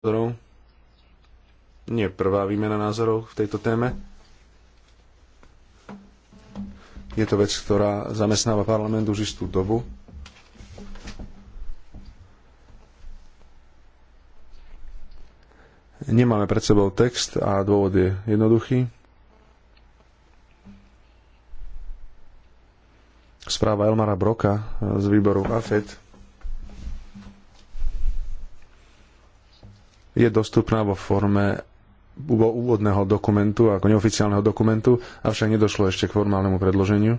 názorov. Nie prvá výmena názorov v tejto téme. Je to vec, ktorá zamestnáva parlament už istú dobu. Nemáme pred sebou text a dôvod je jednoduchý. Správa Elmara Broka z výboru AFED je dostupná vo forme úvodného dokumentu, ako neoficiálneho dokumentu, avšak nedošlo ešte k formálnemu predloženiu.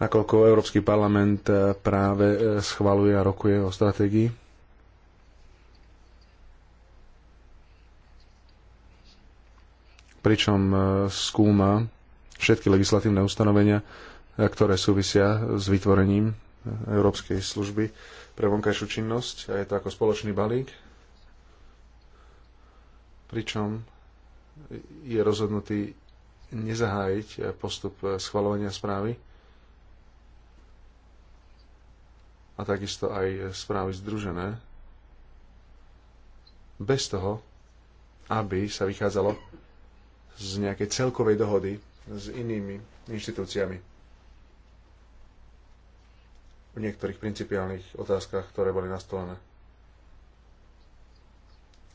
nakoľko Európsky parlament eh, práve eh, schvaluje a rokuje o stratégii? Pričom eh, skúma všetky legislatívne ustanovenia ktoré súvisia s vytvorením Európskej služby pre vonkajšiu činnosť a je to ako spoločný balík, pričom je rozhodnutý nezahájiť postup schvalovania správy a takisto aj správy združené bez toho, aby sa vychádzalo z nejakej celkovej dohody s inými inštitúciami v niektorých principiálnych otázkach, ktoré boli nastolené.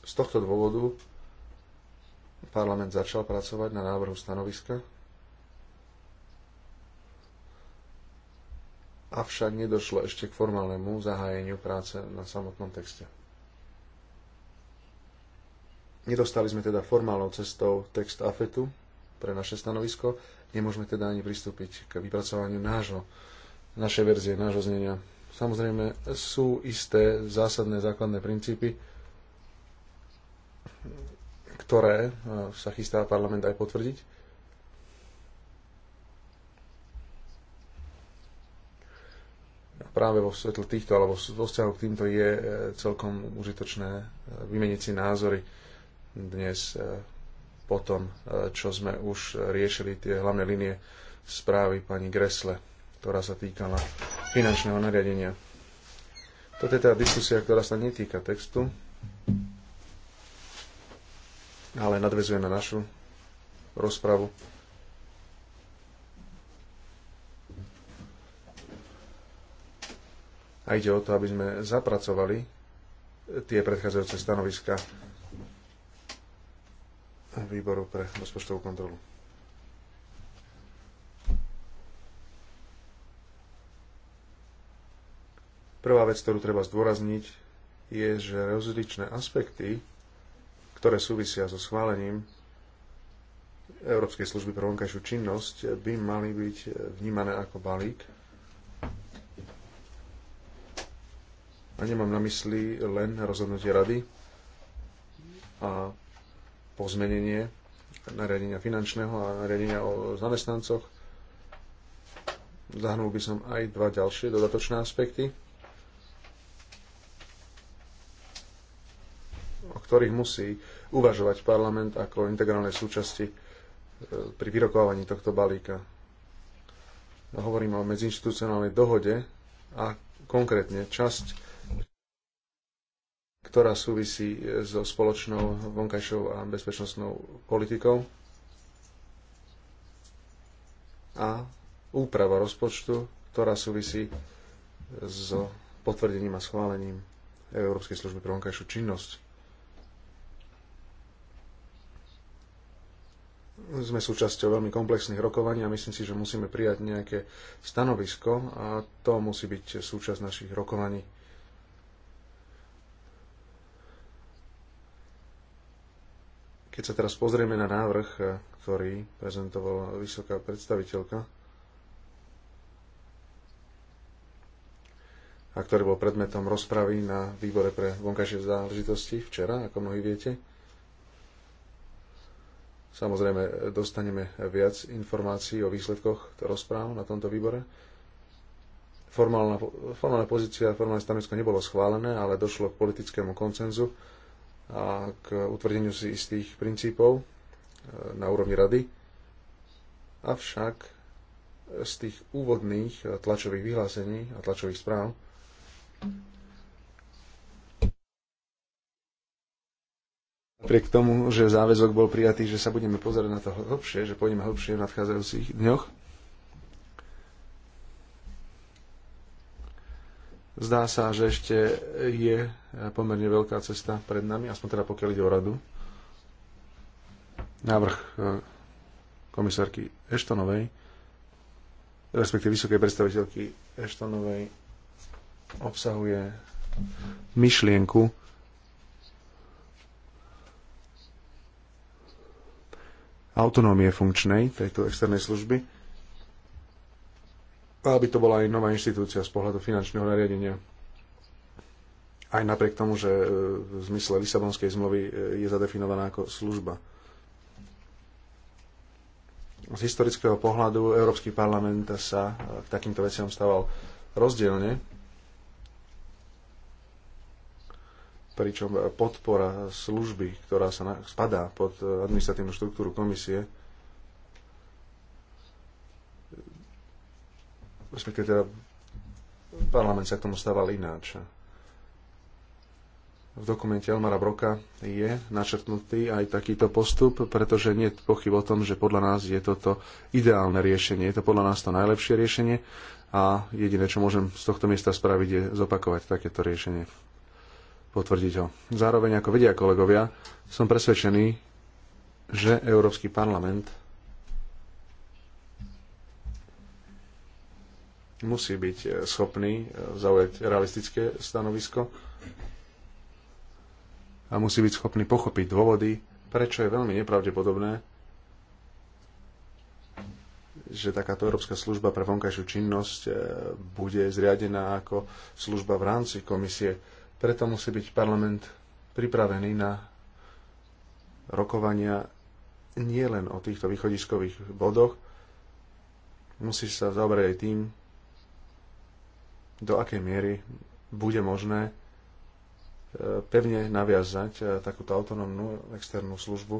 Z tohto dôvodu parlament začal pracovať na návrhu stanoviska, avšak nedošlo ešte k formálnemu zahájeniu práce na samotnom texte. Nedostali sme teda formálnou cestou text AFETu pre naše stanovisko, nemôžeme teda ani pristúpiť k vypracovaniu nášho naše verzie, nášho znenia. Samozrejme sú isté zásadné základné princípy, ktoré e, sa chystá parlament aj potvrdiť. Práve vo svetle týchto, alebo vo vzťahu k týmto je e, celkom užitočné e, vymeniť si názory dnes po tom, čo sme už riešili tie hlavné linie správy pani Gresle ktorá sa týkala finančného nariadenia. Toto je teda diskusia, ktorá sa netýka textu, ale nadvezuje na našu rozpravu. A ide o to, aby sme zapracovali tie predchádzajúce stanoviska výboru pre rozpočtovú kontrolu. Prvá vec, ktorú treba zdôrazniť, je, že rozličné aspekty, ktoré súvisia so schválením Európskej služby pre vonkajšiu činnosť, by mali byť vnímané ako balík. A nemám na mysli len rozhodnutie rady a pozmenenie nariadenia finančného a nariadenia o zamestnancoch. Zahnul by som aj dva ďalšie dodatočné aspekty. ktorých musí uvažovať parlament ako integrálnej súčasti e, pri vyrokovávaní tohto balíka. No, hovorím o medziinstitucionálnej dohode a konkrétne časť, ktorá súvisí e, so spoločnou vonkajšou a bezpečnostnou politikou a úprava rozpočtu, ktorá súvisí e, s potvrdením a schválením Európskej služby pre vonkajšiu činnosť. sme súčasťou veľmi komplexných rokovaní a myslím si, že musíme prijať nejaké stanovisko a to musí byť súčasť našich rokovaní. Keď sa teraz pozrieme na návrh, ktorý prezentovala vysoká predstaviteľka a ktorý bol predmetom rozpravy na výbore pre vonkajšie záležitosti včera, ako mnohí viete, Samozrejme, dostaneme viac informácií o výsledkoch rozpráv na tomto výbore. Formálna, formálna pozícia, formálne stanovisko nebolo schválené, ale došlo k politickému koncenzu a k utvrdeniu si istých princípov e, na úrovni rady. Avšak z tých úvodných tlačových vyhlásení a tlačových správ Napriek tomu, že záväzok bol prijatý, že sa budeme pozerať na to hlbšie, že pôjdeme hlbšie v nadchádzajúcich dňoch. Zdá sa, že ešte je pomerne veľká cesta pred nami, aspoň teda pokiaľ ide o radu. Návrh eh, komisárky Eštonovej, respektíve vysokej predstaviteľky Eštonovej, obsahuje myšlienku, autonómie funkčnej tejto externej služby, aby to bola aj nová inštitúcia z pohľadu finančného nariadenia. Aj napriek tomu, že e, v zmysle Lisabonskej zmluvy e, je zadefinovaná ako služba. Z historického pohľadu Európsky parlament sa e, k takýmto veciam stával rozdielne pričom podpora služby, ktorá sa spadá pod administratívnu štruktúru komisie, respektíve teda parlament sa k tomu stával ináč. V dokumente Elmara Broka je načrtnutý aj takýto postup, pretože nie je pochyb o tom, že podľa nás je toto ideálne riešenie. Je to podľa nás to najlepšie riešenie a jediné, čo môžem z tohto miesta spraviť, je zopakovať takéto riešenie potvrdiť ho. Zároveň, ako vedia kolegovia, som presvedčený, že Európsky parlament musí byť e, schopný e, zaujať realistické stanovisko a musí byť schopný pochopiť dôvody, prečo je veľmi nepravdepodobné, že takáto Európska služba pre vonkajšiu činnosť e, bude zriadená ako služba v rámci komisie preto musí byť parlament pripravený na rokovania nielen o týchto východiskových bodoch, musí sa zaoberať aj tým, do akej miery bude možné e, pevne naviazať e, takúto autonómnu externú službu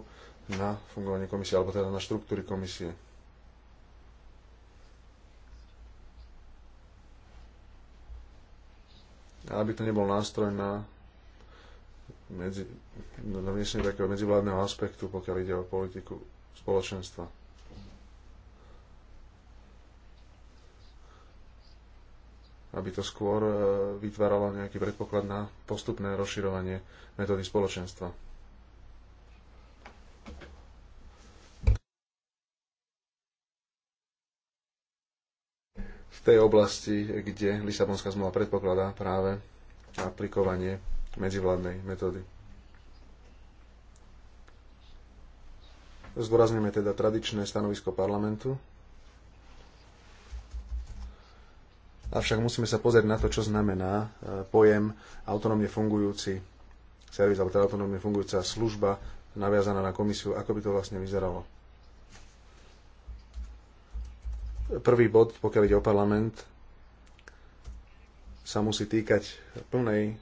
na fungovanie komisie, alebo teda na štruktúry komisie. aby to nebol nástroj na medzi, na miešanie takého medzivládneho aspektu, pokiaľ ide o politiku spoločenstva. Aby to skôr e, vytváralo nejaký predpoklad na postupné rozširovanie metódy spoločenstva. tej oblasti, kde Lisabonská zmluva predpokladá práve aplikovanie medzivládnej metódy. Zdôrazňujeme teda tradičné stanovisko parlamentu. Avšak musíme sa pozrieť na to, čo znamená e, pojem autonómne fungujúci servis alebo teda autonómne fungujúca služba naviazaná na komisiu, ako by to vlastne vyzeralo. Prvý bod, pokiaľ ide o parlament, sa musí týkať plnej,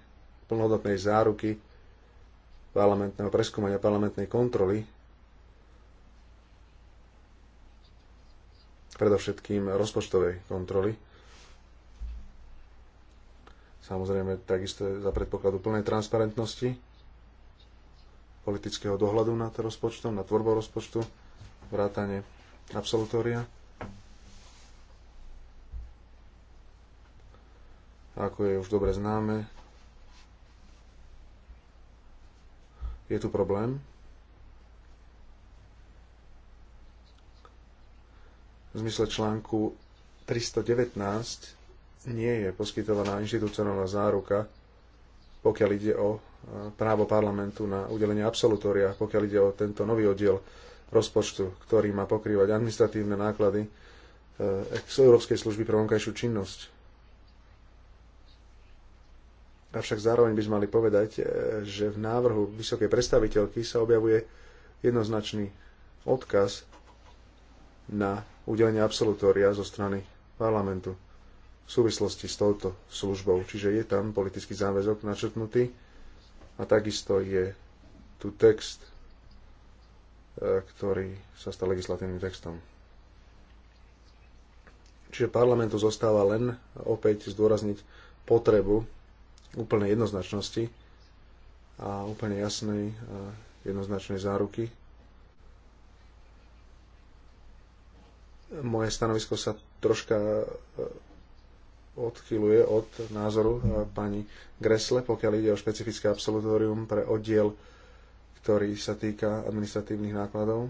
plnohodnotnej záruky parlamentného preskúmania, parlamentnej kontroly, predovšetkým rozpočtovej kontroly. Samozrejme, takisto za predpokladu plnej transparentnosti, politického dohľadu nad rozpočtom, nad tvorbou rozpočtu, vrátane absolutória. ako je už dobre známe. Je tu problém. V zmysle článku 319 nie je poskytovaná inštitucionálna záruka, pokiaľ ide o e, právo parlamentu na udelenie absolutória, pokiaľ ide o tento nový oddiel rozpočtu, ktorý má pokrývať administratívne náklady z e, Európskej služby pre vonkajšiu činnosť. Avšak zároveň by sme mali povedať, e, že v návrhu vysokej predstaviteľky sa objavuje jednoznačný odkaz na udelenie absolutória zo strany parlamentu v súvislosti s touto službou. Čiže je tam politický záväzok načrtnutý a takisto je tu text, e, ktorý sa stal legislatívnym textom. Čiže parlamentu zostáva len opäť zdôrazniť potrebu úplnej jednoznačnosti a úplne jasnej a jednoznačnej záruky. Moje stanovisko sa troška e, odchyluje od názoru e, pani Gresle, pokiaľ ide o špecifické absolutórium pre oddiel, ktorý sa týka administratívnych nákladov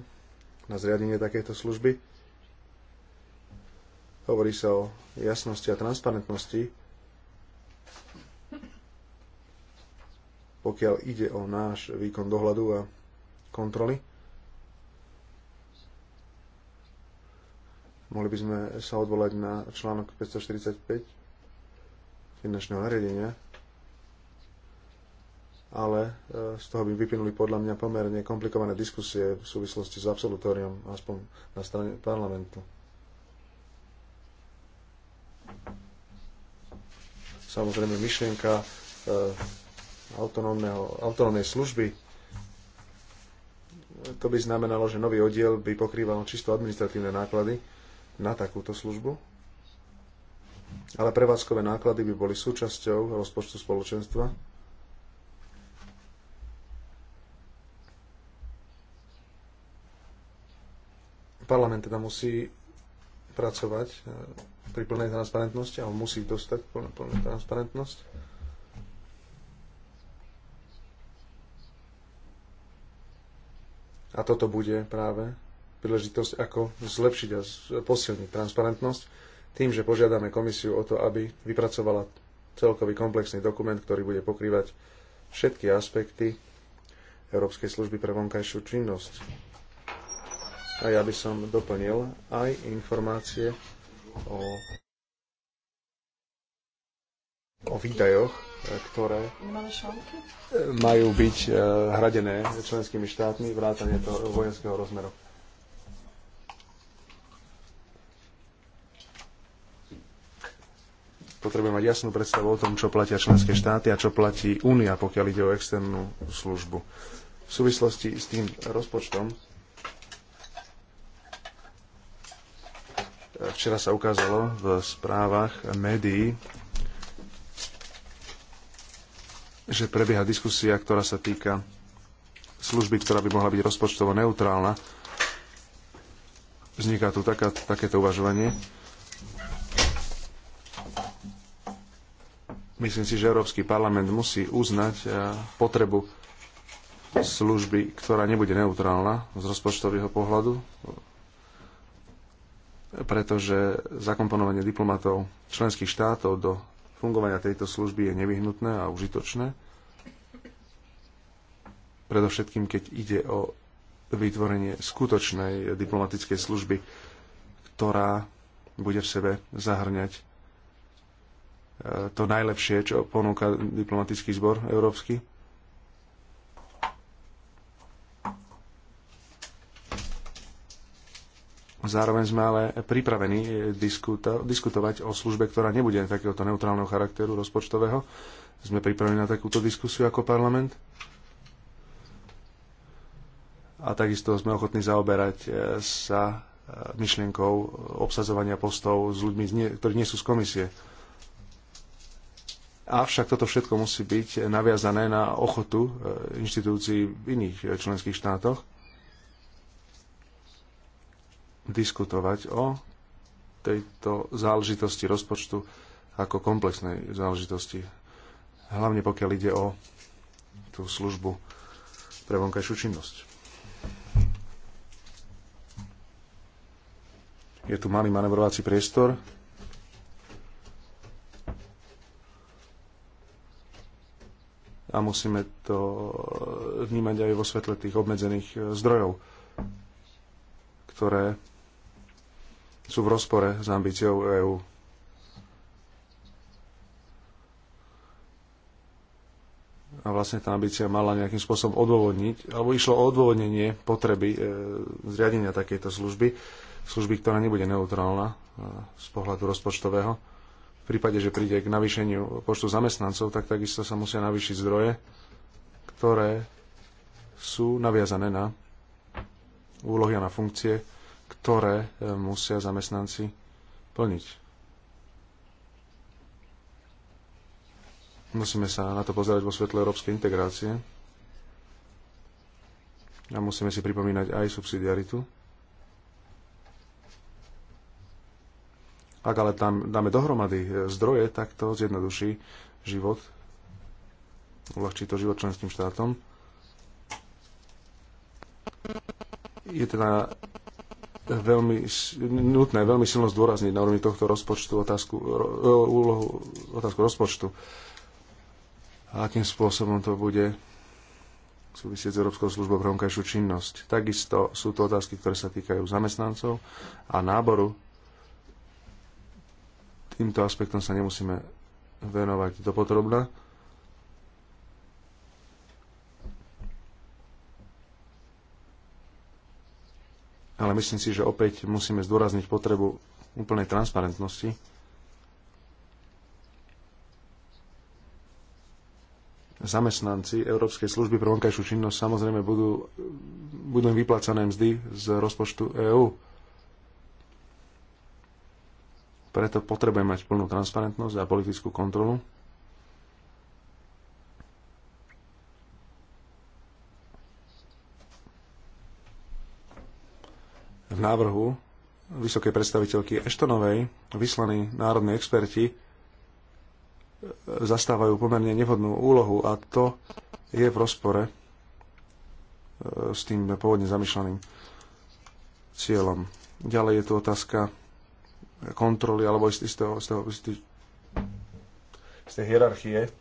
na zriadenie takejto služby. Hovorí sa o jasnosti a transparentnosti pokiaľ ide o náš výkon dohľadu a kontroly. Mohli by sme sa odvolať na článok 545 finančného nariadenia, ale e, z toho by vyplynuli podľa mňa pomerne komplikované diskusie v súvislosti s absolutóriom, aspoň na strane parlamentu. Samozrejme, myšlienka e, autonómnej služby. To by znamenalo, že nový oddiel by pokrýval čisto administratívne náklady na takúto službu, ale prevádzkové náklady by boli súčasťou rozpočtu spoločenstva. Parlament teda musí pracovať eh, pri plnej transparentnosti a musí dostať plnú, plnú transparentnosť. A toto bude práve príležitosť, ako zlepšiť a posilniť transparentnosť tým, že požiadame komisiu o to, aby vypracovala celkový komplexný dokument, ktorý bude pokrývať všetky aspekty Európskej služby pre vonkajšiu činnosť. A ja by som doplnil aj informácie o o výdajoch, e, ktoré e, majú byť e, hradené členskými štátmi vrátane do vojenského rozmeru. Potrebujeme mať jasnú predstavu o tom, čo platia členské štáty a čo platí Únia, pokiaľ ide o externú službu. V súvislosti s tým rozpočtom včera sa ukázalo v správach médií, že prebieha diskusia, ktorá sa týka služby, ktorá by mohla byť rozpočtovo neutrálna. Vzniká tu taká, takéto uvažovanie. Myslím si, že Európsky parlament musí uznať eh, potrebu služby, ktorá nebude neutrálna z rozpočtového pohľadu, pretože zakomponovanie diplomatov členských štátov do fungovania tejto služby je nevyhnutné a užitočné. Predovšetkým, keď ide o vytvorenie skutočnej diplomatickej služby, ktorá bude v sebe zahrňať e, to najlepšie, čo ponúka diplomatický zbor európsky. Zároveň sme ale pripravení diskuto- diskutovať o službe, ktorá nebude takéhoto neutrálneho charakteru rozpočtového. Sme pripravení na takúto diskusiu ako parlament. A takisto sme ochotní zaoberať e, sa e, myšlienkou obsazovania postov s ľuďmi, ktorí nie sú z komisie. Avšak toto všetko musí byť naviazané na ochotu e, inštitúcií v iných členských štátoch diskutovať o tejto záležitosti rozpočtu ako komplexnej záležitosti. Hlavne pokiaľ ide o tú službu pre vonkajšiu činnosť. Je tu malý manevrovací priestor. A musíme to vnímať aj vo svetle tých obmedzených zdrojov, ktoré sú v rozpore s ambíciou EÚ. A vlastne tá ambícia mala nejakým spôsobom odôvodniť, alebo išlo o odôvodnenie potreby e, zriadenia takejto služby, služby, ktorá nebude neutrálna e, z pohľadu rozpočtového. V prípade, že príde k navýšeniu počtu zamestnancov, tak takisto sa musia navýšiť zdroje, ktoré sú naviazané na úlohy a na funkcie, ktoré e, musia zamestnanci plniť. Musíme sa na to pozerať vo svetle európskej integrácie a musíme si pripomínať aj subsidiaritu. Ak ale tam dáme dohromady e, zdroje, tak to zjednoduší život, uľahčí to život členským štátom. Je teda veľmi nutné, veľmi silno zdôrazniť na úrovni tohto rozpočtu otázku, e, úlohu, otázku rozpočtu. A akým spôsobom to bude súvisieť s Európskou službou pre vonkajšiu činnosť. Takisto sú to otázky, ktoré sa týkajú zamestnancov a náboru. Týmto aspektom sa nemusíme venovať dopodrobná. ale myslím si, že opäť musíme zdôrazniť potrebu úplnej transparentnosti. Zamestnanci Európskej služby pre vonkajšiu činnosť samozrejme budú, budú im vyplácané mzdy z rozpočtu EÚ. Preto potrebujeme mať plnú transparentnosť a politickú kontrolu. návrhu vysokej predstaviteľky Eštonovej vyslaní národní experti e, zastávajú pomerne nevhodnú úlohu a to je v rozpore e, s tým pôvodne zamýšľaným cieľom. Ďalej je tu otázka kontroly alebo istého, istého, istého, hierarchie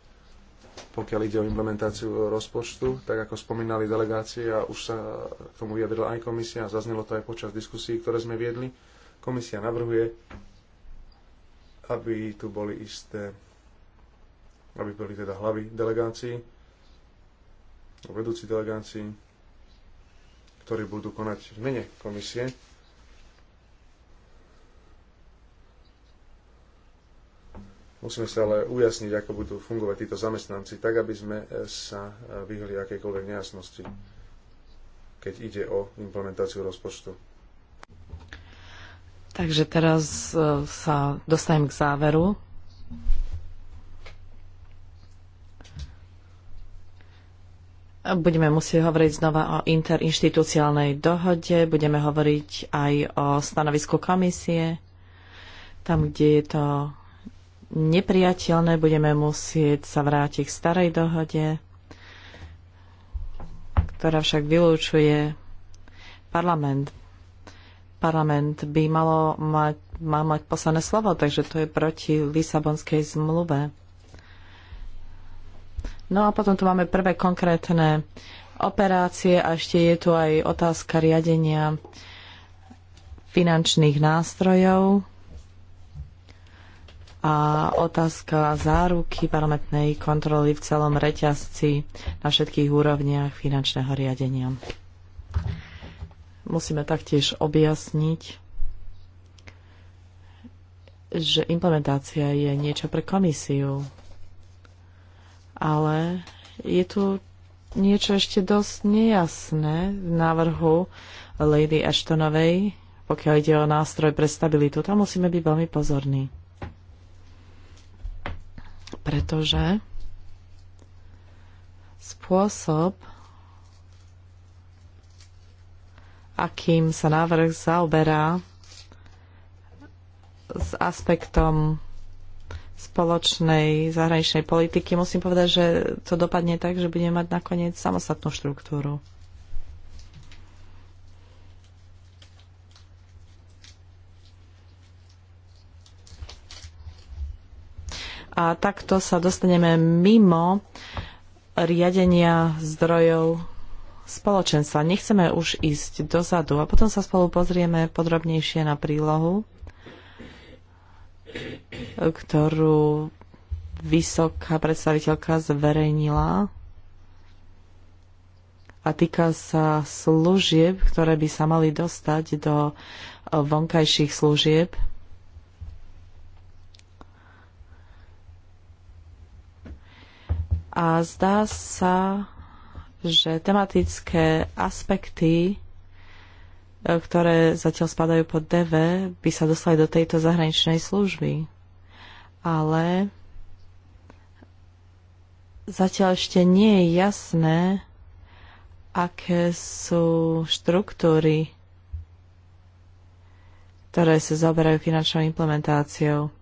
pokiaľ ide o implementáciu rozpočtu, tak ako spomínali delegácie a už sa k tomu vyjadrila aj komisia, a zaznelo to aj počas diskusí, ktoré sme viedli, komisia navrhuje, aby tu boli isté, aby boli teda hlavy delegácií, vedúci delegácií, ktorí budú konať v mene komisie Musíme sa ale ujasniť, ako budú fungovať títo zamestnanci, tak aby sme e, sa e, vyhli akékoľvek nejasnosti, keď ide o implementáciu rozpočtu. Takže teraz e, sa dostajem k záveru. Budeme musieť hovoriť znova o interinštitucionálnej dohode, budeme hovoriť aj o stanovisku komisie, tam, kde je to nepriateľné. Budeme musieť sa vrátiť k starej dohode, ktorá však vylúčuje parlament. Parlament by malo mať, má mať posledné slovo, takže to je proti Lisabonskej zmluve. No a potom tu máme prvé konkrétne operácie a ešte je tu aj otázka riadenia finančných nástrojov a otázka záruky parlamentnej kontroly v celom reťazci na všetkých úrovniach finančného riadenia. Musíme taktiež objasniť, že implementácia je niečo pre komisiu, ale je tu niečo ešte dosť nejasné v návrhu Lady Ashtonovej, pokiaľ ide o nástroj pre stabilitu. Tam musíme byť veľmi pozorní pretože spôsob, akým sa návrh zaoberá s aspektom spoločnej zahraničnej politiky, musím povedať, že to dopadne tak, že budeme mať nakoniec samostatnú štruktúru. a takto sa dostaneme mimo riadenia zdrojov spoločenstva. Nechceme už ísť dozadu a potom sa spolu pozrieme podrobnejšie na prílohu, ktorú vysoká predstaviteľka zverejnila a týka sa služieb, ktoré by sa mali dostať do vonkajších služieb A zdá sa, že tematické aspekty, e, ktoré zatiaľ spadajú pod DV, by sa dostali do tejto zahraničnej služby. Ale zatiaľ ešte nie je jasné, aké sú štruktúry, ktoré sa zaoberajú finančnou implementáciou.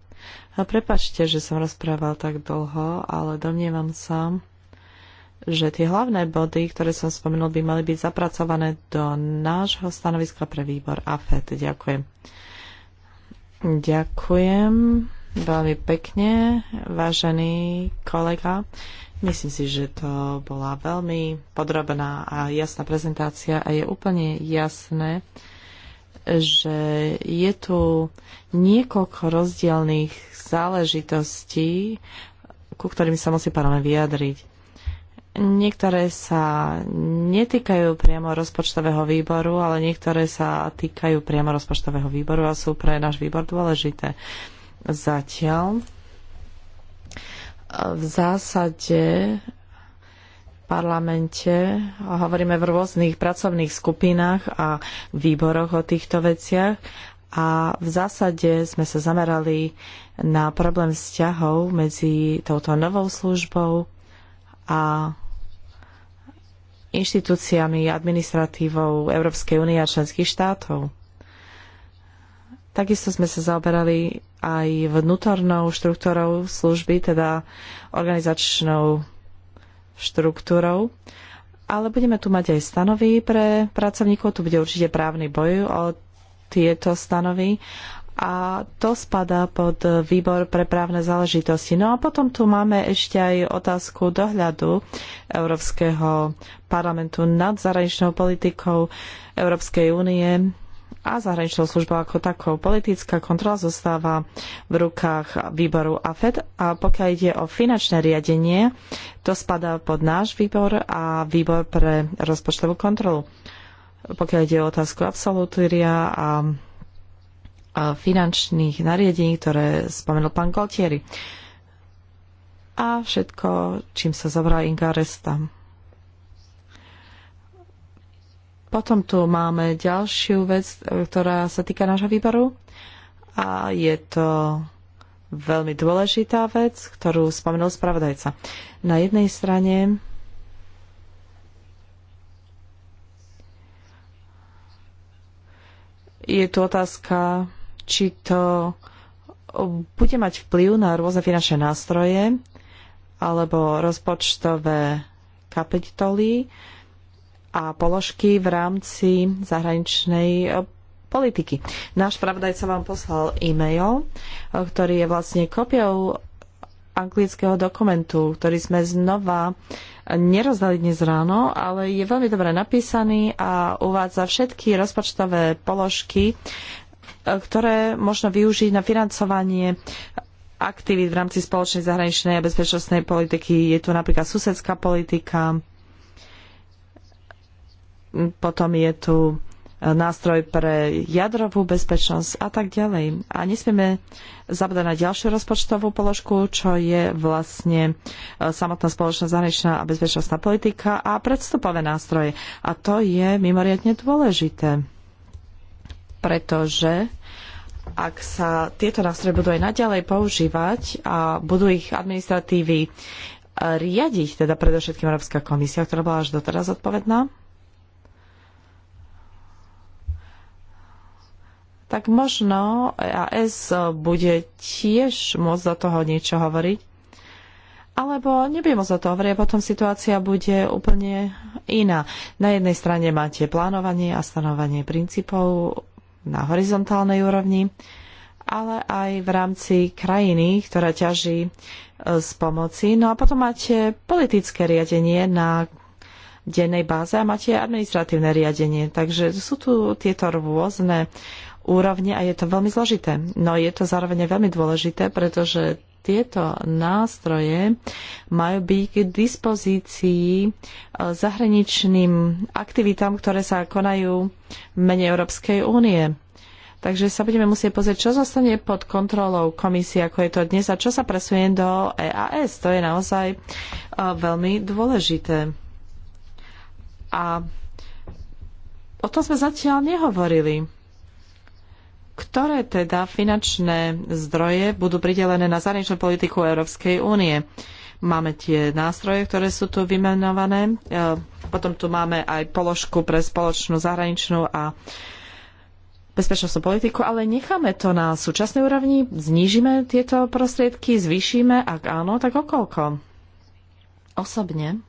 Prepačte, že som rozprával tak dlho, ale domnievam sa, že tie hlavné body, ktoré som spomenul, by mali byť zapracované do nášho stanoviska pre výbor AFED. Ďakujem. Ďakujem veľmi pekne, vážený kolega. Myslím si, že to bola veľmi podrobná a jasná prezentácia a je úplne jasné, že je tu niekoľko rozdielných záležitostí, ku ktorým sa musí parlament vyjadriť. Niektoré sa netýkajú priamo rozpočtového výboru, ale niektoré sa týkajú priamo rozpočtového výboru a sú pre náš výbor dôležité. Zatiaľ v zásade parlamente a hovoríme v rôznych pracovných skupinách a výboroch o týchto veciach a v zásade sme sa zamerali na problém vzťahov medzi touto novou službou a inštitúciami, administratívou Európskej únie a členských štátov. Takisto sme sa zaoberali aj vnútornou štruktúrou služby, teda organizačnou štruktúrou, ale budeme tu mať aj stanovy pre pracovníkov, tu bude určite právny boj o tieto stanovy a to spadá pod výbor pre právne záležitosti. No a potom tu máme ešte aj otázku dohľadu Európskeho parlamentu nad zahraničnou politikou Európskej únie a zahraničnou službou ako takou. Politická kontrola zostáva v rukách výboru AFED a pokiaľ ide o finančné riadenie, to spadá pod náš výbor a výbor pre rozpočtovú kontrolu. Pokiaľ ide o otázku absolutúria a finančných nariadení, ktoré spomenul pán Galtieri. A všetko, čím sa zabral Inga Resta. Potom tu máme ďalšiu vec, e, ktorá sa týka nášho výboru a je to veľmi dôležitá vec, ktorú spomenul spravodajca. Na jednej strane je tu otázka, či to bude mať vplyv na rôzne finančné nástroje alebo rozpočtové kapitoly, a položky v rámci zahraničnej e, politiky. Náš pravdajca vám poslal e-mail, e, ktorý je vlastne kopiou anglického dokumentu, ktorý sme znova nerozdali dnes ráno, ale je veľmi dobre napísaný a uvádza všetky rozpočtové položky, e, ktoré možno využiť na financovanie aktivít v rámci spoločnej zahraničnej a bezpečnostnej politiky. Je tu napríklad susedská politika, potom je tu e, nástroj pre jadrovú bezpečnosť a tak ďalej. A nesmieme zabúdať na ďalšiu rozpočtovú položku, čo je vlastne e, samotná spoločná zahraničná a bezpečnostná politika a predstupové nástroje. A to je mimoriadne dôležité, pretože ak sa tieto nástroje budú aj naďalej používať a budú ich administratívy e, riadiť, teda predovšetkým Európska komisia, ktorá bola až doteraz odpovedná, tak možno EAS bude tiež môcť do toho niečo hovoriť. Alebo nebude môcť do toho hovoriť a potom situácia bude úplne iná. Na jednej strane máte plánovanie a stanovanie princípov na horizontálnej úrovni, ale aj v rámci krajiny, ktorá ťaží e, z pomoci. No a potom máte politické riadenie na dennej báze a máte administratívne riadenie. Takže sú tu tieto rôzne úrovni a je to veľmi zložité. No je to zároveň veľmi dôležité, pretože tieto nástroje majú byť k dispozícii e, zahraničným aktivitám, ktoré sa konajú v mene Európskej únie. Takže sa budeme musieť pozrieť, čo zostane pod kontrolou komisie, ako je to dnes a čo sa presunie do EAS. To je naozaj e, veľmi dôležité. A o tom sme zatiaľ nehovorili ktoré teda finančné zdroje budú pridelené na zahraničnú politiku Európskej únie? Máme tie nástroje, ktoré sú tu vymenované. E, potom tu máme aj položku pre spoločnú zahraničnú a bezpečnostnú politiku, ale necháme to na súčasnej úrovni, znížime tieto prostriedky, zvýšime, ak áno, tak okolko? Osobne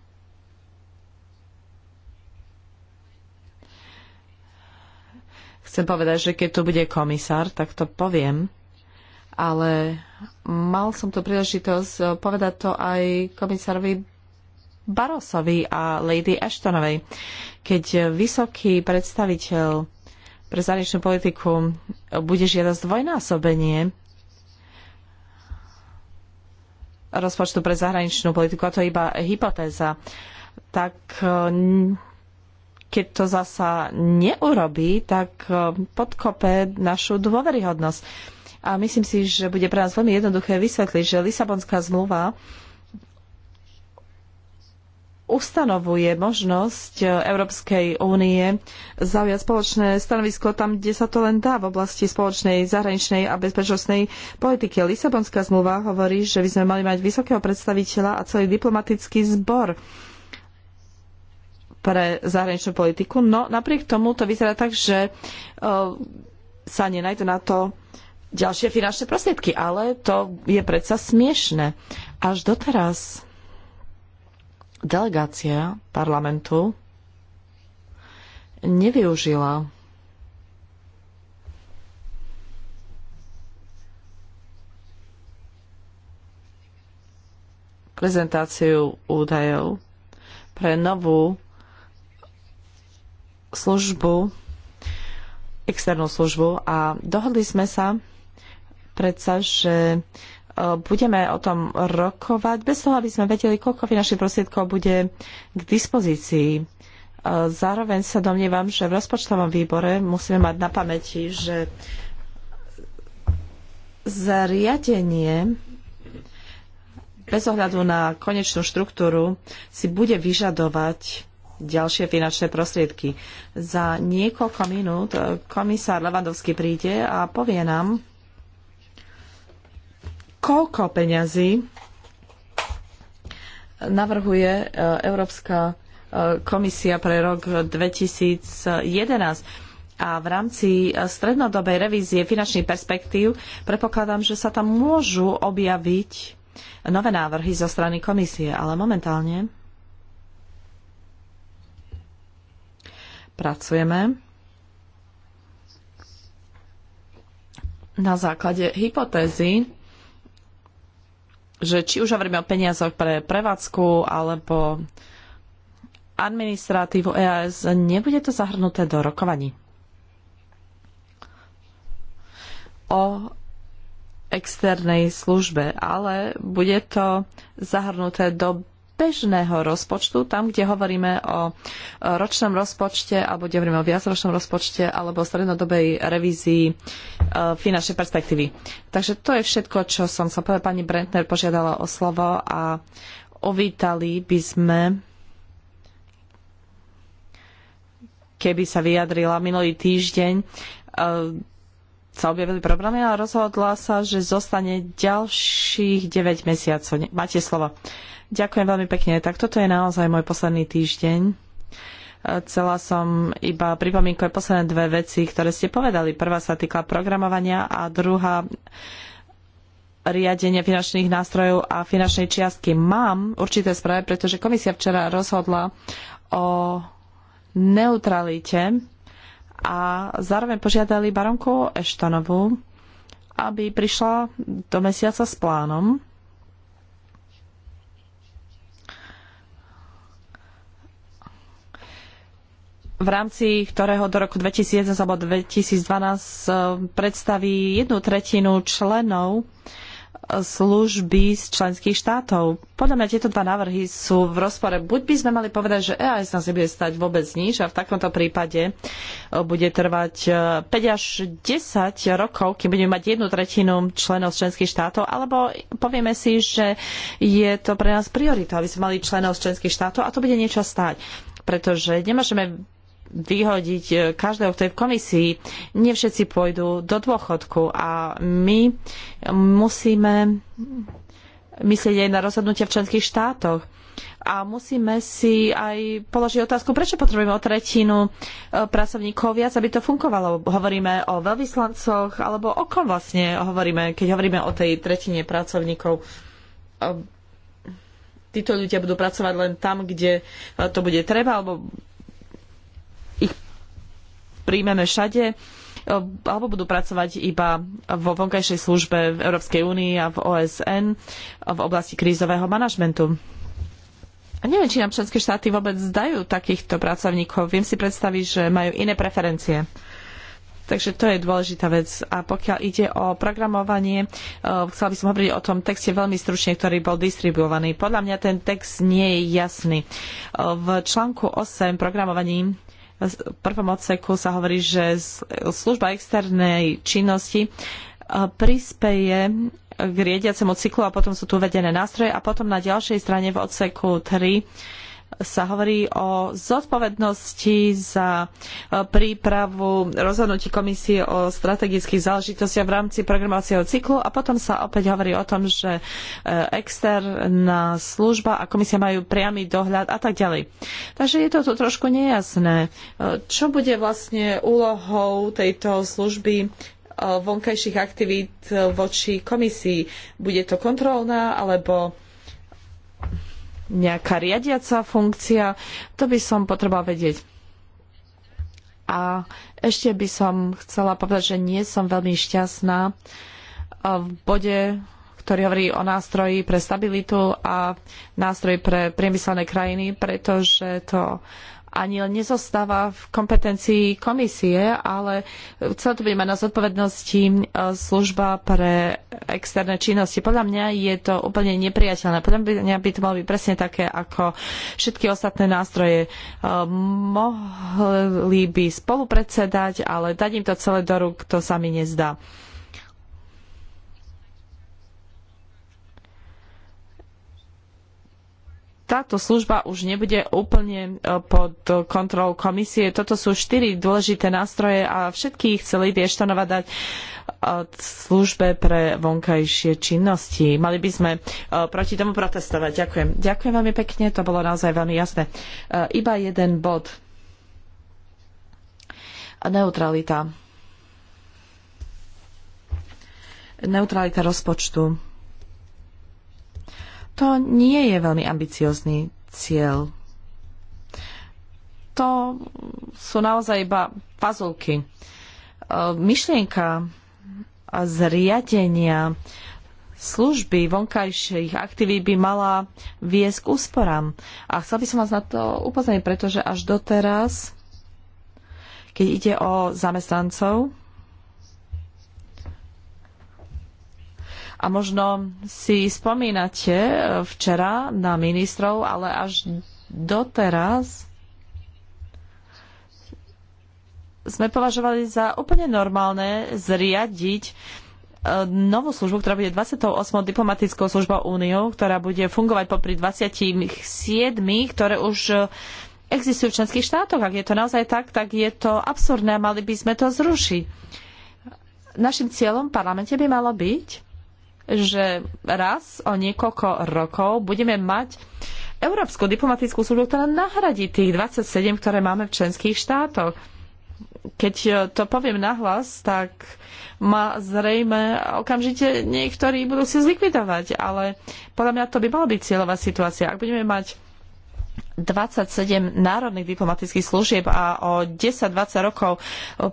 Chcem povedať, že keď tu bude komisár, tak to poviem, ale mal som tu príležitosť eh, povedať to aj komisárovi Barosovi a Lady Ashtonovej. Keď vysoký predstaviteľ pre zahraničnú politiku bude žiadať zdvojnásobenie rozpočtu pre zahraničnú politiku, a to je iba hypotéza, tak eh, keď to zasa neurobí, tak e, podkope našu dôveryhodnosť. A myslím si, že bude pre nás veľmi jednoduché vysvetliť, že Lisabonská zmluva ustanovuje možnosť Európskej únie zaujať spoločné stanovisko tam, kde sa to len dá v oblasti spoločnej zahraničnej a bezpečnostnej politiky. Lisabonská zmluva hovorí, že by sme mali mať vysokého predstaviteľa a celý diplomatický zbor pre zahraničnú politiku. No napriek tomu to vyzerá tak, že eh, sa nenajdu na to ďalšie finančné prostriedky, ale to je predsa smiešne. Až doteraz delegácia parlamentu nevyužila prezentáciu údajov pre novú službu, externú službu a dohodli sme sa predsa, že e, budeme o tom rokovať bez toho, aby sme vedeli, koľko finančných prostriedkov bude k dispozícii. E, zároveň sa domnievam, že v rozpočtovom výbore musíme mať na pamäti, že zariadenie bez ohľadu na konečnú štruktúru si bude vyžadovať ďalšie finančné prostriedky. Za niekoľko minút e, komisár Levandovský príde a povie nám, koľko peňazí navrhuje e, Európska e, komisia pre rok 2011. A v rámci strednodobej revízie finančných perspektív predpokladám, že sa tam môžu objaviť nové návrhy zo strany komisie, ale momentálne pracujeme na základe hypotézy, že či už hovoríme o peniazoch pre prevádzku alebo administratívu EAS, nebude to zahrnuté do rokovaní. O externej službe, ale bude to zahrnuté do bežného rozpočtu, tam, kde hovoríme o ročnom rozpočte, alebo kde hovoríme o viacročnom rozpočte, alebo o strednodobej revízii e, finančnej perspektívy. Takže to je všetko, čo som sa povedala. Pani Brentner požiadala o slovo a uvítali by sme keby sa vyjadrila minulý týždeň e, sa objavili problémy a rozhodla sa, že zostane ďalších 9 mesiacov. Máte slovo. Ďakujem veľmi pekne. Tak toto je naozaj môj posledný týždeň. Chcela som iba pripomínkovať posledné dve veci, ktoré ste povedali. Prvá sa týka programovania a druhá riadenie finančných nástrojov a finančnej čiastky. Mám určité správy, pretože komisia včera rozhodla o neutralite a zároveň požiadali baronku Eštanovu, aby prišla do mesiaca s plánom, v rámci ktorého do roku 2011 alebo 2012 e, predstaví jednu tretinu členov e, služby z členských štátov. Podľa mňa tieto dva návrhy sú v rozpore. Buď by sme mali povedať, že EAS nás nebude stať vôbec nič a v takomto prípade e, bude trvať 5 až 10 rokov, kým budeme mať jednu tretinu členov z členských štátov, alebo povieme si, že je to pre nás priorita, aby sme mali členov z členských štátov a to bude niečo stáť pretože nemôžeme vyhodiť e, každého, kto je v komisii. Nie všetci pôjdu do dôchodku a my musíme myslieť aj na rozhodnutia v členských štátoch. A musíme si aj položiť otázku, prečo potrebujeme o tretinu e, pracovníkov viac, aby to fungovalo. Hovoríme o veľvyslancoch, alebo o kom vlastne hovoríme, keď hovoríme o tej tretine pracovníkov e, títo ľudia budú pracovať len tam, kde to bude treba, alebo príjmeme všade, e, alebo budú pracovať iba vo vonkajšej službe v Európskej únii a v OSN v oblasti krízového manažmentu. A neviem, či nám členské štáty vôbec dajú takýchto pracovníkov. Viem si predstaviť, že majú iné preferencie. Takže to je dôležitá vec. A pokiaľ ide o programovanie, e, chcela by som hovoriť o tom texte veľmi stručne, ktorý bol distribuovaný. Podľa mňa ten text nie je jasný. E, v článku 8 programovaní v prvom odseku sa hovorí, že služba externej činnosti e, prispeje k riediacemu cyklu a potom sú tu uvedené nástroje a potom na ďalšej strane v odseku 3 sa hovorí o zodpovednosti za e, prípravu rozhodnutí komisie o strategických záležitostiach v rámci programovacieho cyklu a potom sa opäť hovorí o tom, že e, externá služba a komisia majú priamy dohľad a tak ďalej. Takže je to tu trošku nejasné. E, čo bude vlastne úlohou tejto služby vonkajších aktivít voči komisii? Bude to kontrolná alebo nejaká riadiaca funkcia, to by som potreboval vedieť. A ešte by som chcela povedať, že nie som veľmi šťastná e, v bode, ktorý hovorí o nástroji pre stabilitu a nástroji pre priemyselné krajiny, pretože to ani len nezostáva v kompetencii komisie, ale celé to bude mať na zodpovednosti e, služba pre externé činnosti. Podľa mňa je to úplne nepriateľné. Podľa mňa by to malo byť presne také, ako všetky ostatné nástroje. E, mohli by spolupredsedať, ale dať im to celé do rúk, to sa mi nezdá. táto služba už nebude úplne e, pod kontrolou komisie. Toto sú štyri dôležité nástroje a všetky ich chceli Dieštanova dať e, službe pre vonkajšie činnosti. Mali by sme e, proti tomu protestovať. Ďakujem. Ďakujem veľmi pekne, to bolo naozaj veľmi jasné. Iba jeden bod. Neutralita. Neutralita rozpočtu to nie je veľmi ambiciózny cieľ. To sú naozaj iba pazulky. E, myšlienka zriadenia služby, vonkajších aktivít by mala viesť k úsporám. A chcel by som vás na to upozorniť, pretože až doteraz, keď ide o zamestnancov, A možno si spomínate e, včera na ministrov, ale až doteraz sme považovali za úplne normálne zriadiť e, novú službu, ktorá bude 28. diplomatickou službou úniou, ktorá bude fungovať popri 27, ktoré už e, existujú v členských štátoch. Ak je to naozaj tak, tak je to absurdné a mali by sme to zrušiť. Našim cieľom v parlamente by malo byť, že raz o niekoľko rokov budeme mať Európsku diplomatickú službu, ktorá nahradí tých 27, ktoré máme v členských štátoch. Keď e, to poviem nahlas, tak ma zrejme okamžite niektorí budú si zlikvidovať, ale podľa mňa to by mala byť cieľová situácia. Ak budeme mať 27 národných diplomatických služieb a o 10-20 rokov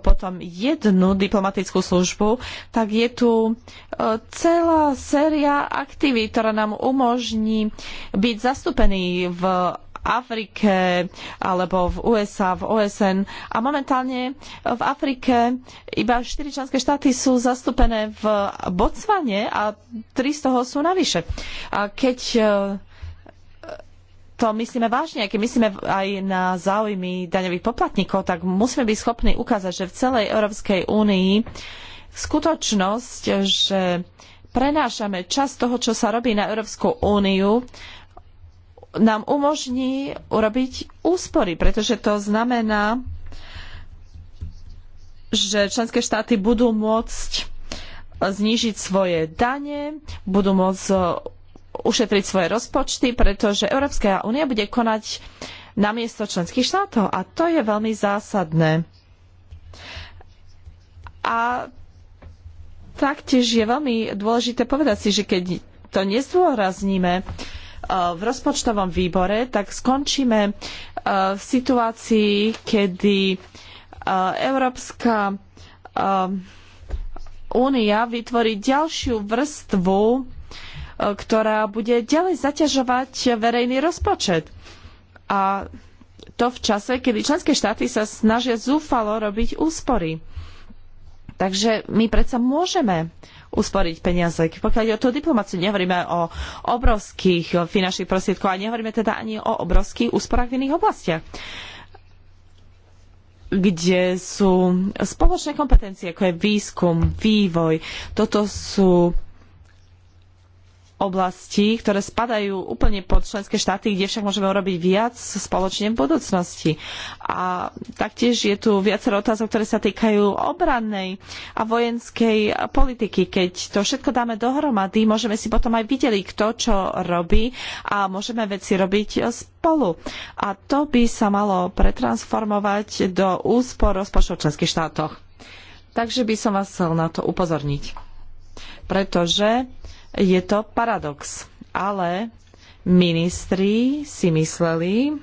potom jednu diplomatickú službu, tak je tu e, celá séria aktivít, ktorá nám umožní byť zastúpení v Afrike alebo v USA, v OSN. A momentálne v Afrike iba 4 členské štáty sú zastúpené v Botsvane a 3 z toho sú navyše. A keď e, to myslíme vážne, keď myslíme aj na záujmy daňových poplatníkov, tak musíme byť schopní ukázať, že v celej Európskej únii skutočnosť, že prenášame časť toho, čo sa robí na Európsku úniu, nám umožní urobiť úspory, pretože to znamená, že členské štáty budú môcť znížiť svoje dane, budú môcť ušetriť svoje rozpočty, pretože Európska únia bude konať na miesto členských štátov a to je veľmi zásadné. A taktiež je veľmi dôležité povedať si, že keď to nezdôrazníme eh, v rozpočtovom výbore, tak skončíme eh, v situácii, kedy eh, Európska únia vytvorí ďalšiu vrstvu ktorá bude ďalej zaťažovať verejný rozpočet. A to v čase, kedy členské štáty sa snažia zúfalo robiť úspory. Takže my predsa môžeme usporiť peniaze. Pokiaľ ide o tú diplomáciu, nehovoríme o obrovských finančných prostriedkoch a nehovoríme teda ani o obrovských úsporách v iných oblastiach kde sú spoločné kompetencie, ako je výskum, vývoj. Toto sú oblastí, ktoré spadajú úplne pod členské štáty, kde však môžeme urobiť viac spoločne v budúcnosti. A taktiež je tu viacero otázok, ktoré sa týkajú obrannej a vojenskej politiky. Keď to všetko dáme dohromady, môžeme si potom aj videli, kto čo robí a môžeme veci robiť spolu. A to by sa malo pretransformovať do úspor rozpočtov členských štátoch. Takže by som vás chcel na to upozorniť. Pretože je to paradox, ale ministri si mysleli,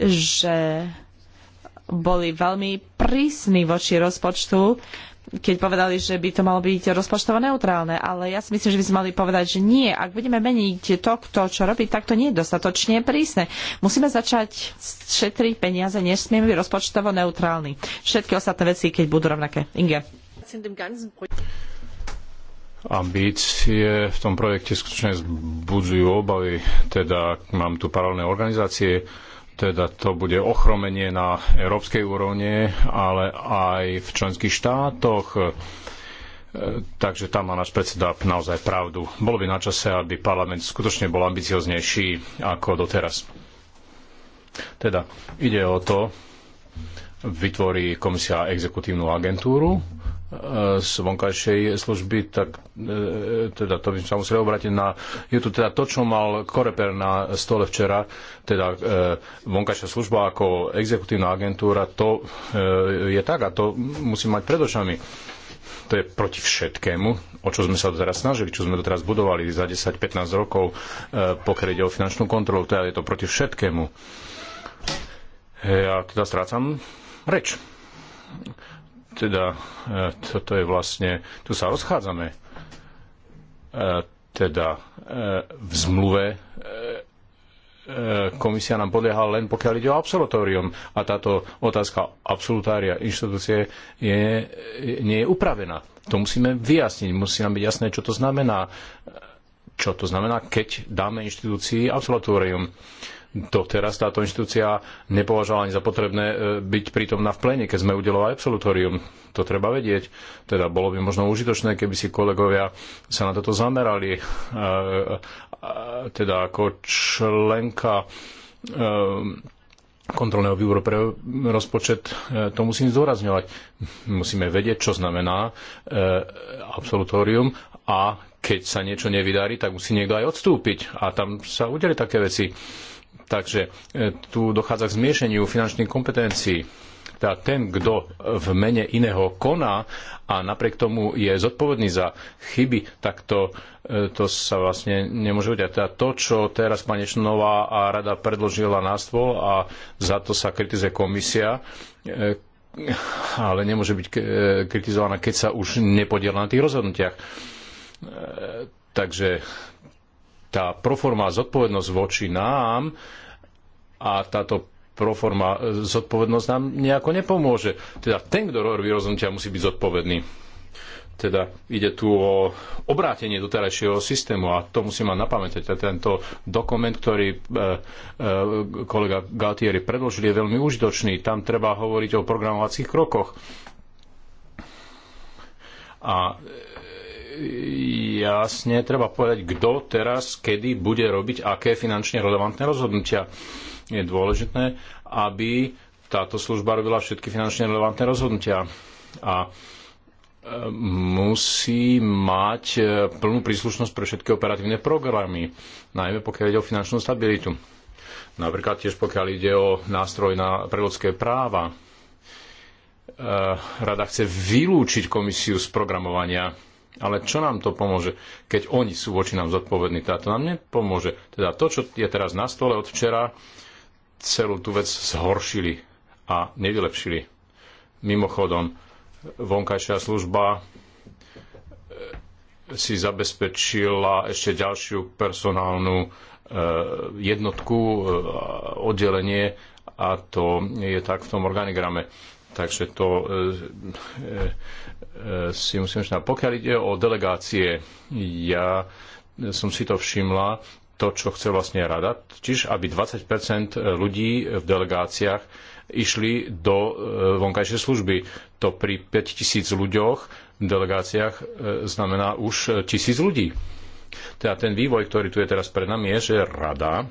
že boli veľmi prísni voči rozpočtu, keď povedali, že by to malo byť rozpočtovo neutrálne, ale ja si myslím, že by sme mali povedať, že nie, ak budeme meniť to, kto čo robí, tak to nie je dostatočne prísne. Musíme začať šetriť peniaze, než smieme byť rozpočtovo neutrálni. Všetky ostatné veci, keď budú rovnaké. Inge ambície v tom projekte skutočne zbudzujú obavy. Teda mám tu paralelné organizácie, teda to bude ochromenie na európskej úrovne, ale aj v členských štátoch. E, takže tam má náš predseda naozaj pravdu. Bolo by na čase, aby parlament skutočne bol ambicioznejší ako doteraz. Teda ide o to, vytvorí komisia exekutívnu agentúru, E, z vonkajšej služby, tak e, teda to by sa museli obrátiť na... Je tu teda to, čo mal Koreper na stole včera, teda e, vonkajšia služba ako exekutívna agentúra, to je tak a to musí mať pred očami. To je proti všetkému, o čo sme sa doteraz snažili, čo sme doteraz budovali za 10-15 rokov, pokiaľ ide o finančnú kontrolu, teda je to proti všetkému. Ja teda strácam reč. Teda toto e, je vlastne, tu sa rozchádzame. E, teda e, v zmluve komisia nám podlieha len pokiaľ ide o absolutórium a táto otázka absolutária inštitúcie je, nie je upravená. To musíme vyjasniť, musí nám byť jasné, čo to znamená. Čo to znamená, keď dáme inštitúcii absolutórium doteraz táto inštitúcia nepovažovala ani za potrebné e, byť prítomná v plene, keď sme udelovali absolutórium. To treba vedieť. Teda bolo by možno užitočné, keby si kolegovia sa na toto zamerali. E, e, teda ako členka kontrolného výboru pre rozpočet, to musím zdôrazňovať. Musíme vedieť, čo znamená absolutórium a keď sa niečo nevydarí, tak musí niekto aj odstúpiť a tam sa udeli také veci Takže e, tu dochádza k zmiešeniu finančných kompetencií. Teda ten, kto v mene iného koná a napriek tomu je zodpovedný za chyby, tak to, e, to sa vlastne nemôže udiať. Teda to, čo teraz pani Šnová a rada predložila na stôl a za to sa kritizuje komisia, e, ale nemôže byť kritizovaná, keď sa už nepodiela na tých rozhodnutiach. Takže tá proforma zodpovednosť voči nám a táto proforma e, zodpovednosť nám nejako nepomôže. Teda ten, kto robí rozhodnutia, musí byť zodpovedný. Teda ide tu o obrátenie doterajšieho systému a to musí mať na pamäte. Teda tento dokument, ktorý e, e, kolega Galtieri predložil, je veľmi užitočný. Tam treba hovoriť o programovacích krokoch. A jasne treba povedať, kto teraz, kedy bude robiť aké finančne relevantné rozhodnutia. Je dôležité, aby táto služba robila všetky finančne relevantné rozhodnutia. A e, musí mať e, plnú príslušnosť pre všetky operatívne programy, najmä pokiaľ ide o finančnú stabilitu. Napríklad tiež pokiaľ ide o nástroj na preľudské práva. E, rada chce vylúčiť komisiu z programovania ale čo nám to pomôže, keď oni sú voči nám zodpovední? Tá teda to nám nepomôže. Teda to, čo je teraz na stole od včera, celú tú vec zhoršili a nevylepšili. Mimochodom, vonkajšia služba e, si zabezpečila ešte ďalšiu personálnu e, jednotku, e, oddelenie a to je tak v tom organigrame. Takže to e, e, e si musím ešte... Pokiaľ ide o delegácie, ja som si to všimla, to, čo chce vlastne rada, čiže aby 20 ľudí v delegáciách išli do e, vonkajšej služby. To pri 5000 ľuďoch v delegáciách e, znamená už tisíc ľudí. Teda ten vývoj, ktorý tu je teraz pred nami, je, že rada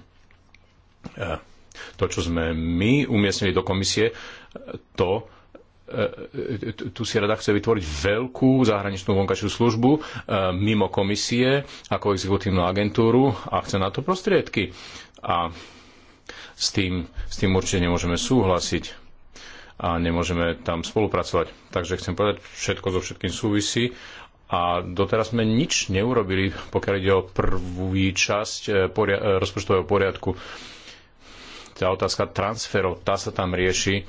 to, čo sme my umiestnili do komisie, to, e, e, tu si rada chce vytvoriť veľkú zahraničnú vonkačnú službu e, mimo komisie ako exekutívnu agentúru a chce na to prostriedky. A s tým, s tým určite nemôžeme súhlasiť a nemôžeme tam spolupracovať. Takže chcem povedať, všetko so všetkým súvisí a doteraz sme nič neurobili, pokiaľ ide o prvú časť poria- rozpočtového poriadku tá otázka transferov, tá sa tam rieši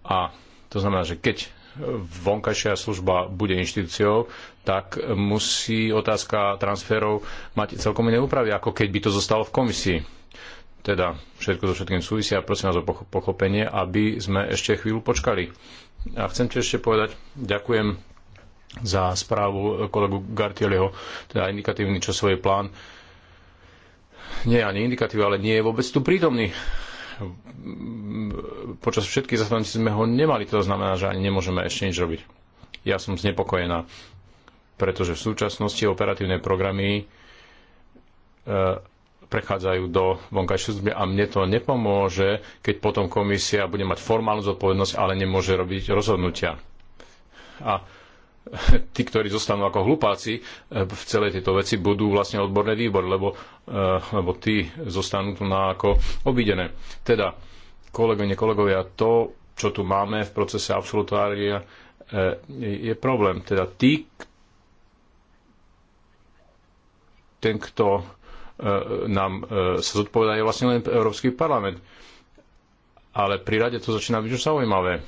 a to znamená, že keď vonkajšia služba bude inštitúciou, tak musí otázka transferov mať celkom iné úpravy, ako keď by to zostalo v komisii. Teda všetko so všetkým súvisia a prosím vás o pochopenie, aby sme ešte chvíľu počkali. A chcem ti ešte povedať, ďakujem za správu kolegu Gartieliho, teda indikatívny časový plán nie je ani indikatív, ale nie je vôbec tu prítomný. Počas všetkých zasadnutí sme ho nemali, to znamená, že ani nemôžeme ešte nič robiť. Ja som znepokojená, pretože v súčasnosti operatívne programy e, prechádzajú do vonkajšej služby a mne to nepomôže, keď potom komisia bude mať formálnu zodpovednosť, ale nemôže robiť rozhodnutia. A tí, ktorí zostanú ako hlupáci e, v celej tejto veci, budú vlastne odborné výbor, lebo, e, lebo tí zostanú tu na ako obidené. Teda, kolegyne, kolegovia, to, čo tu máme v procese absolutária, e, je problém. Teda tí, ten, kto nám sa zodpovedá, je vlastne len Európsky parlament. Ale pri rade to začína byť už zaujímavé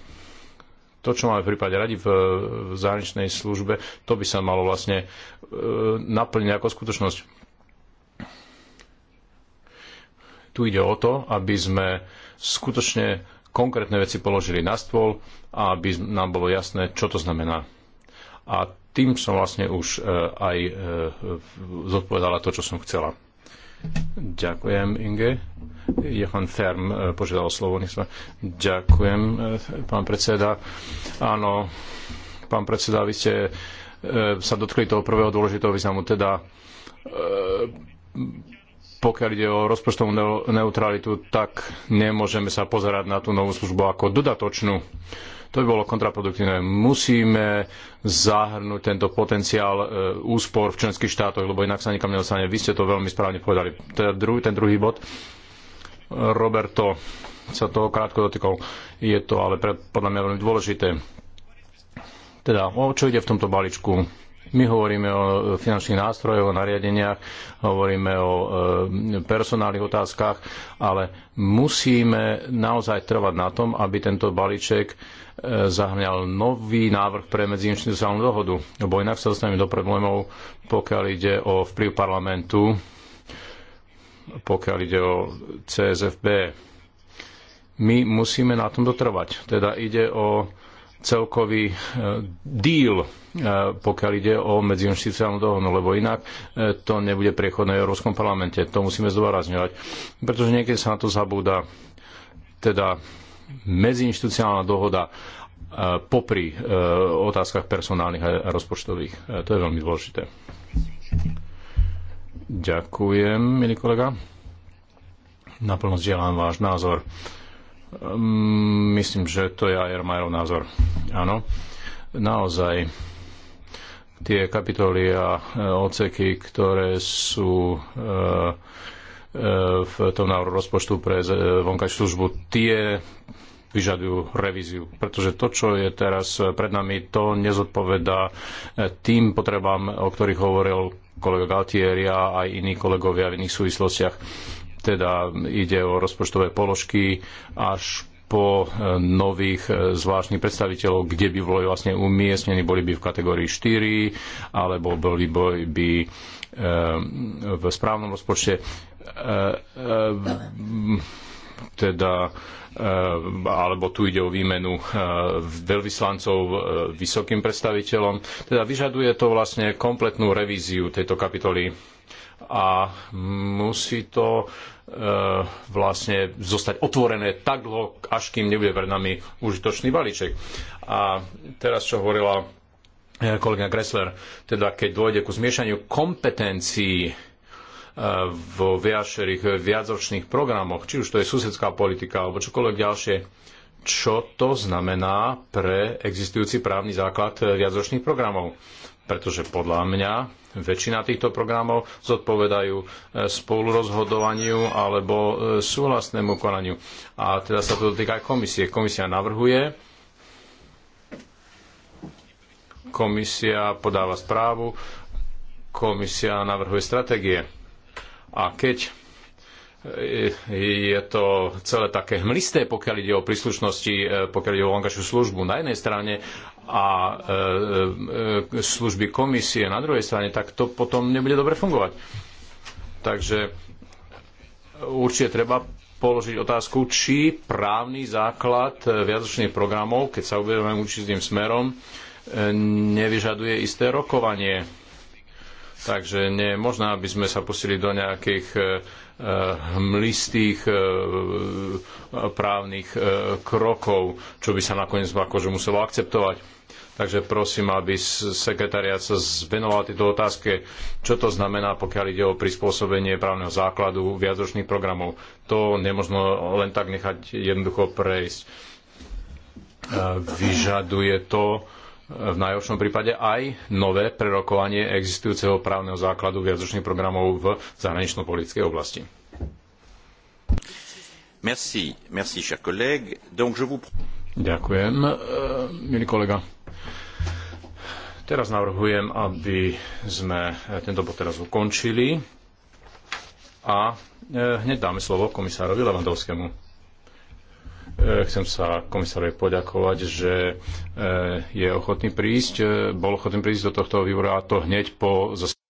to, čo máme v prípade radi v, v zahraničnej službe, to by sa malo vlastne e, naplniť ako skutočnosť. Tu ide o to, aby sme skutočne konkrétne veci položili na stôl a aby nám bolo jasné, čo to znamená. A tým som vlastne už e, aj e, zodpovedala to, čo som chcela. Ďakujem, Inge. Jehan Ferm eh, požiadal slovo. Sa... Ďakujem, eh, pán predseda. Áno, pán predseda, vy ste eh, sa dotkli toho prvého dôležitého významu, teda pokiaľ ide o rozpočtovú neutralitu, tak nemôžeme sa pozerať na tú novú službu ako dodatočnú to by bolo kontraproduktívne. Musíme zahrnúť tento potenciál e, úspor v členských štátoch, lebo inak sa nikam nedostane. Vy ste to veľmi správne povedali. Ten teda druhý, ten druhý bod. Roberto sa toho krátko dotykol, Je to ale pre, podľa mňa veľmi dôležité. Teda, o čo ide v tomto balíčku? My hovoríme o finančných nástrojoch, o nariadeniach, hovoríme o e, personálnych otázkach, ale musíme naozaj trvať na tom, aby tento balíček e, zahňal nový návrh pre medziinstitucionálnu dohodu. Lebo inak sa dostaneme do problémov, pokiaľ ide o vplyv parlamentu, pokiaľ ide o CSFB. My musíme na tom dotrvať. Teda ide o celkový e, díl, e, pokiaľ ide o medziinstitucionálnu dohodu, lebo inak e, to nebude priechodné v Európskom parlamente. To musíme zdôrazňovať, pretože niekedy sa na to zabúda. Teda medziinstitucionálna dohoda popri otázkach personálnych a rozpočtových. To je veľmi dôležité. Ďakujem, milý kolega. Naplno zdieľam váš názor. Ehm, myslím, že to je aj Majerov názor. Áno. Naozaj tie kapitoly a e, oceky, ktoré sú e, e, v tom návrhu rozpočtu pre vonkajšiu službu, tie vyžadujú revíziu. Pretože to, čo je teraz pred nami, to nezodpovedá tým potrebám, o ktorých hovoril kolega Galtieri a aj iní kolegovia v iných súvislostiach. Teda ide o rozpočtové položky až po e, nových e, zvláštnych predstaviteľov, kde by boli vlastne umiestnení, boli by v kategórii 4, alebo boli by e, v správnom rozpočte teda alebo tu ide o výmenu veľvyslancov vysokým predstaviteľom. Teda vyžaduje to vlastne kompletnú revíziu tejto kapitoly a musí to e, vlastne zostať otvorené tak dlho, až kým nebude pred nami užitočný balíček. A teraz, čo hovorila e, kolega Gressler, teda keď dôjde ku zmiešaniu kompetencií e, v viacerých viacročných programoch, či už to je susedská politika alebo čokoľvek ďalšie, čo to znamená pre existujúci právny základ e, viacročných programov pretože podľa mňa väčšina týchto programov zodpovedajú e, spolurozhodovaniu alebo e, súhlasnému konaniu. A teda sa to dotýka aj komisie. Komisia navrhuje, komisia podáva správu, komisia navrhuje stratégie. A keď e, je to celé také hmlisté, pokiaľ ide o príslušnosti, pokiaľ ide o vonkajšiu službu na jednej strane a e, e, služby komisie na druhej strane, tak to potom nebude dobre fungovať. Takže určite treba položiť otázku, či právny základ viacročných programov, keď sa uvedeme určitým smerom, e, nevyžaduje isté rokovanie Takže nie je možné, aby sme sa pustili do nejakých e, e, mlistých e, právnych krokov, čo by sa nakoniec akože muselo akceptovať. Takže prosím, aby sekretariat sa zvenoval tejto otázke, čo to znamená, pokiaľ ide o prispôsobenie právneho základu viacročných programov. To nemožno len tak nechať jednoducho prejsť. Vyžaduje to v najhoršom prípade aj nové prerokovanie existujúceho právneho základu viacročných programov v zahranično-politickej oblasti. Merci, merci, cher collègue. Donc je vous... Ďakujem, e, milý kolega. Teraz navrhujem, aby sme tento bod teraz ukončili a e, hneď dáme slovo komisárovi Levandovskému. Eh, chcem sa komisárovi poďakovať, že eh, je ochotný prísť, eh, bol ochotný prísť do tohto výboru a to hneď po zase.